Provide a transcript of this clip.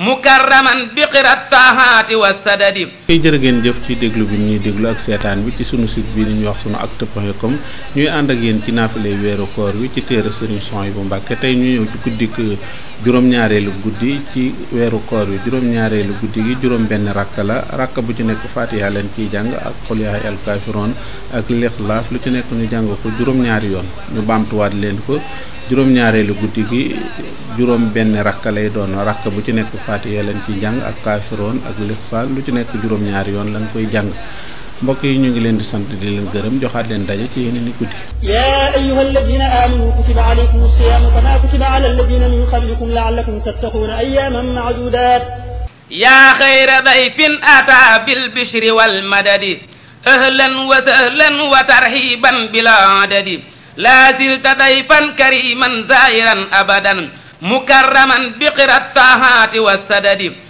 mukarraman bi qirat taahaati wa sadadi koy jërë ngeen jëf ci déglu bi ñuy déglu ak seetaan bi ci sunu site bi ni ñuy wax sunu acte point com ñuy ànd ak yéen ci naafale weeru koor wi ci téere sëriñ son yi bu Mbàkke tey ñu ñëw ci guddik juróom-ñaareelu guddi ci weeru koor wi juróom-ñaareelu guddi gi juróom benn rakk la rakk bu ci nekk fatiha leen ciy jàng ak xul yaa al ak ak lixlaas lu ci nekk ñu jàng ko juróom-ñaari yoon ñu baamtuwaat leen ko juróom-ñaareelu guddi bi juróom benn rakka lay doon rakka bu ci nekk faatiya lañ ci jàng ak kaafiroon ak lixsaal lu ci nekk juróom ñaar yoon lañ koy jàng mbokk yi ñu ngi leen di sant di leen gërëm joxaat leen daje ci yeneen i guddi ya ayuha alladina amanu kutiba alaykum asiyaamu kama kutiba ala alladina min qablikum laallakum tattaquuna ayaaman maadudaat yaa xayra dayfin ata bil bishri wa sahlan wa tarhiban bila adadi laa zilta dayfan kariman zairan abadan mukarraman bi qiraat taahaati wa sadadi